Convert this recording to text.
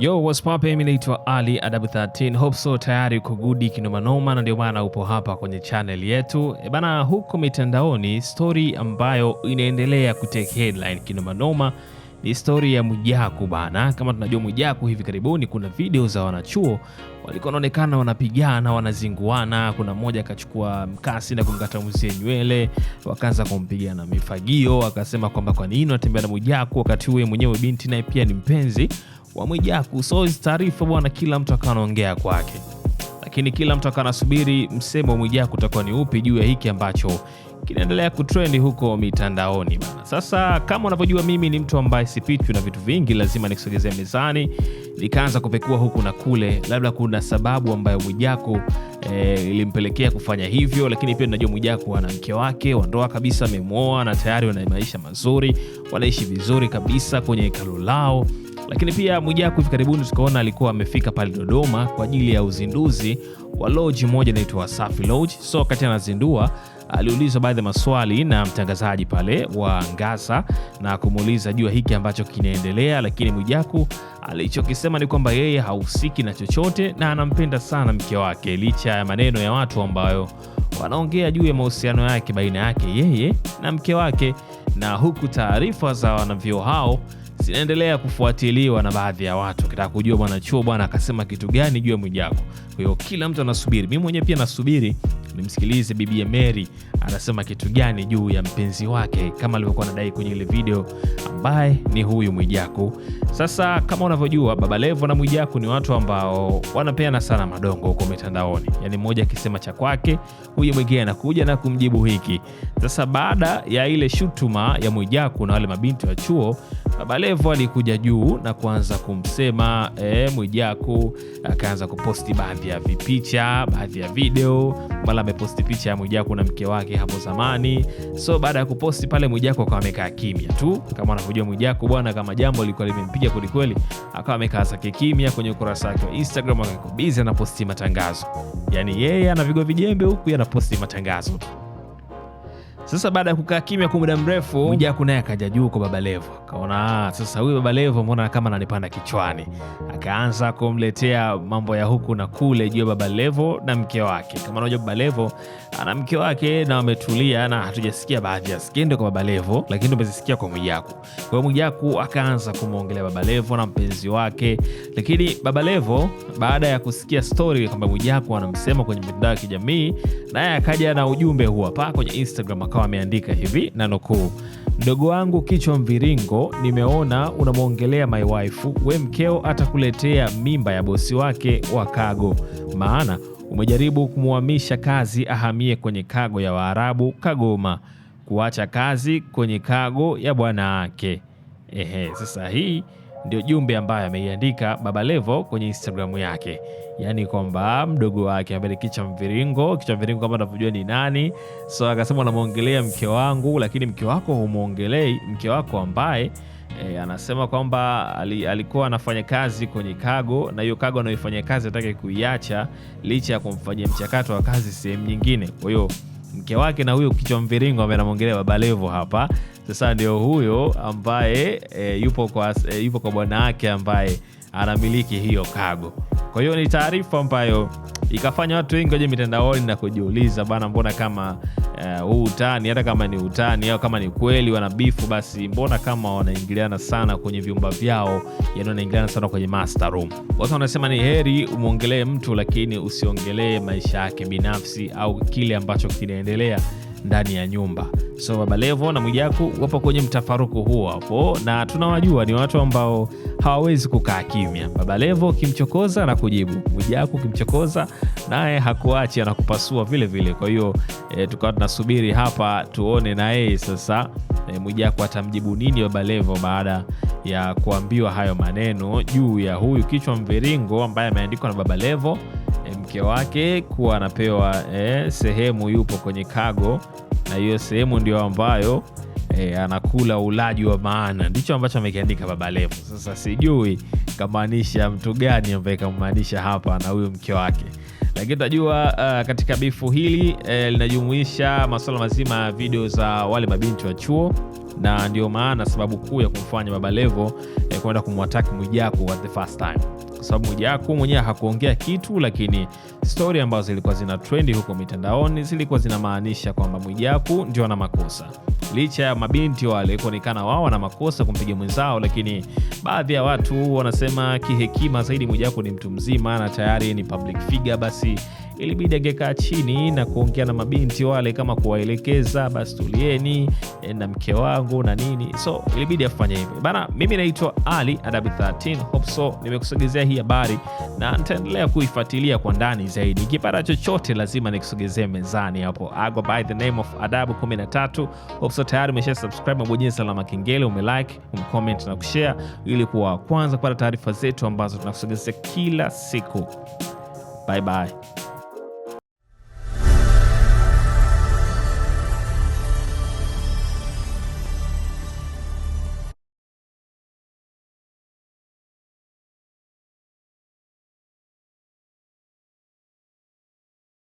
Yo, what's poppin? Mimi naitwa Ali Adabu 13. Hope so tayari kugudi kinomanoma, na ndio maana upo hapa kwenye channel yetu e bana. Huko mitandaoni, stori ambayo inaendelea kutake headline kinomanoma ni stori ya Mwijaku bana. Kama tunajua Mwijaku, hivi karibuni kuna video za wanachuo walikuwa wanaonekana wanapigana, wanazinguana. Kuna mmoja akachukua mkasi na kumkata mwenzie nywele, wakaanza kumpiga na mifagio, akasema kwamba kwa nini unatembea na Mwijaku wakati huye mwenyewe binti naye pia ni mpenzi wa Mwijaku. So hizi taarifa bwana, kila mtu akanaongea kwake, lakini kila mtu akanasubiri msemo wa Mwijaku utakuwa ni upi juu ya hiki ambacho kinaendelea kutrendi huko mitandaoni bana. Sasa kama unavyojua, mimi ni mtu ambaye sipitwi na vitu vingi, lazima nikusogezea mezani nikaanza kupekua huku na kule, labda kuna sababu ambayo Mwijaku e, ilimpelekea kufanya hivyo. Lakini pia najua Mwijaku ana mke wake wa ndoa kabisa, amemwoa na tayari wana maisha mazuri, wanaishi vizuri kabisa kwenye hekalu lao lakini pia Mwijaku hivi karibuni tukaona alikuwa amefika pale Dodoma kwa ajili ya uzinduzi wa loji moja inaitwa Wasafi Loji. So wakati anazindua aliulizwa baadhi ya maswali na mtangazaji pale wa Ngasa na kumuuliza juu ya hiki ambacho kinaendelea, lakini Mwijaku alichokisema ni kwamba yeye hahusiki na chochote na anampenda sana mke wake, licha ya maneno ya watu ambayo wanaongea juu ya mahusiano yake baina yake yeye na mke wake, na huku taarifa za wanavyo hao zinaendelea kufuatiliwa na baadhi ya watu wakitaka kujua bwana Chuo bwana akasema kitu gani juu ya Mwijaku. Kwa hiyo kila mtu anasubiri, mimi mwenyewe pia nasubiri nimsikilize Bibi Mary anasema kitu gani juu ya mpenzi wake kama alivyokuwa anadai kwenye ile video, ambaye ni huyu Mwijaku. Sasa kama unavyojua, Baba Levo na Mwijaku ni watu ambao wanapeana sana madongo huko mitandaoni, yaani mmoja akisema cha kwake, huyu mwingine anakuja na kumjibu hiki. Sasa baada ya ile shutuma ya Mwijaku na wale mabinti wa chuo Baba Levo alikuja juu na kuanza kumsema e, Mwijaku akaanza kuposti baadhi ya vipicha, baadhi ya video, mara ameposti picha ya Mwijaku na mke wake hapo zamani. So baada ya kuposti pale, Mwijaku akawa amekaa kimya tu. Kama unavyojua Mwijaku bwana, kama jambo lilikuwa limempiga kwelikweli, akawa amekaa zake kimya kwenye ukurasa wake wa Instagram, akakubizi anaposti matangazo, yaani yeye vigo vijembe huku yanaposti matangazo sasa baada ya kukaa kimya kwa muda mrefu, Mwijaku naye akaja juu kwa Baba Levo, akaona ah, sasa huyu Baba Levo mbona kama ananipanda kichwani, akaanza kumletea mambo ya huku na kule juu ya Baba Levo na mke wake. Kama unajua Baba Levo ana mke wake na wametulia, na hatujasikia baadhi ya skendo kwa Baba Levo, lakini umezisikia kwa Mwijaku. Kwa hiyo Mwijaku akaanza kumwongelea Baba Levo na mpenzi wake, lakini Baba Levo baada ya kusikia stori kwamba Mwijaku anamsema kwenye mitandao ya kijamii, naye akaja na ujumbe huu hapa kwenye Instagram account akawa ameandika hivi na nukuu: mdogo wangu kichwa mviringo, nimeona unamwongelea my wife. We mkeo atakuletea mimba ya bosi wake wa kago, maana umejaribu kumhamisha kazi ahamie kwenye kago ya Waarabu Kagoma, kuacha kazi kwenye kago ya bwana wake. Ehe, sasa hii ndio jumbe ambayo ameiandika Baba Levo kwenye Instagramu yake, yaani kwamba mdogo wake ambaye Kicha Mviringo. Kicha Mviringo kama unavyojua ni nani? So akasema unamwongelea mke wangu, lakini mke wako humwongelei mke wako ambaye E, anasema kwamba alikuwa anafanya kazi kwenye kago na hiyo kago anayoifanya kazi atake kuiacha licha ya kumfanyia mchakato wa kazi sehemu nyingine. Kwa hiyo mke wake na huyo kichwa mviringo ambaye anamwongelea Baba Levo hapa sasa ndio huyo ambaye e, yupo kwa, e, yupo kwa bwana wake ambaye anamiliki hiyo kago. Kwa hiyo ni taarifa ambayo ikafanya watu wengi waje mitandaoni na kujiuliza bana, mbona kama e, huu uh, utani, hata kama ni utani au kama ni kweli wana bifu, basi mbona kama wanaingiliana sana kwenye vyumba vyao, yani wanaingiliana sana kwenye master room. Watu wanasema ni heri umwongelee mtu, lakini usiongelee maisha yake binafsi au kile ambacho kinaendelea ndani ya nyumba. So Baba Levo na Mwijaku wapo kwenye mtafaruku huo hapo, na tunawajua ni watu ambao hawawezi kukaa kimya. Baba Levo ukimchokoza na kujibu, Mwijaku ukimchokoza naye hakuachi, anakupasua vile vile. Kwa hiyo e, tukawa tunasubiri hapa tuone na yeye sasa e, eh, Mwijaku atamjibu nini Baba Levo baada ya kuambiwa hayo maneno juu ya huyu kichwa mviringo ambaye ameandikwa na Baba Levo. Eh, mke wake kuwa anapewa eh, sehemu, yupo kwenye kago, na hiyo sehemu ndio ambayo E, anakula ulaji wa maana. Ndicho ambacho amekiandika Baba Levo. Sasa sijui kamaanisha mtu gani ambaye kamaanisha hapa na huyu mke wake lakini tunajua uh, eh, katika bifu hili eh, linajumuisha masuala mazima ya video za wale mabinti wa chuo na ndio maana sababu kuu ya kumfanya Baba Levo eh, kwenda kumwataki Mwijaku at the first time, kwa sababu Mwijaku mwenyewe hakuongea kitu, lakini stori ambazo zilikuwa zina trendi huko mitandaoni zilikuwa zinamaanisha kwamba Mwijaku ndio ana makosa, licha ya mabinti wale kuonekana wao wana makosa kumpiga mwenzao, lakini baadhi ya watu wanasema kihekima zaidi Mwijaku ni mtu mzima na tayari ni public figure, basi ilibidi angekaa chini na kuongea na mabinti wale, kama kuwaelekeza basi, tulieni eh, na mke wangu na nini, so ilibidi afanye hivi bana. Mimi naitwa Ali adab 13 hope so, nimekusogezea hii habari na nitaendelea kuifuatilia kwa ndani zaidi. Ikipata chochote lazima nikusogezee mezani hapo. Ago by the name of Adabu 13 hope so, tayari umesha subscribe, mabonyeza alama kengele, umelike, umecomment na kushare ili kuwa kwanza kupata taarifa zetu ambazo tunakusogezea kila siku. Bye bye.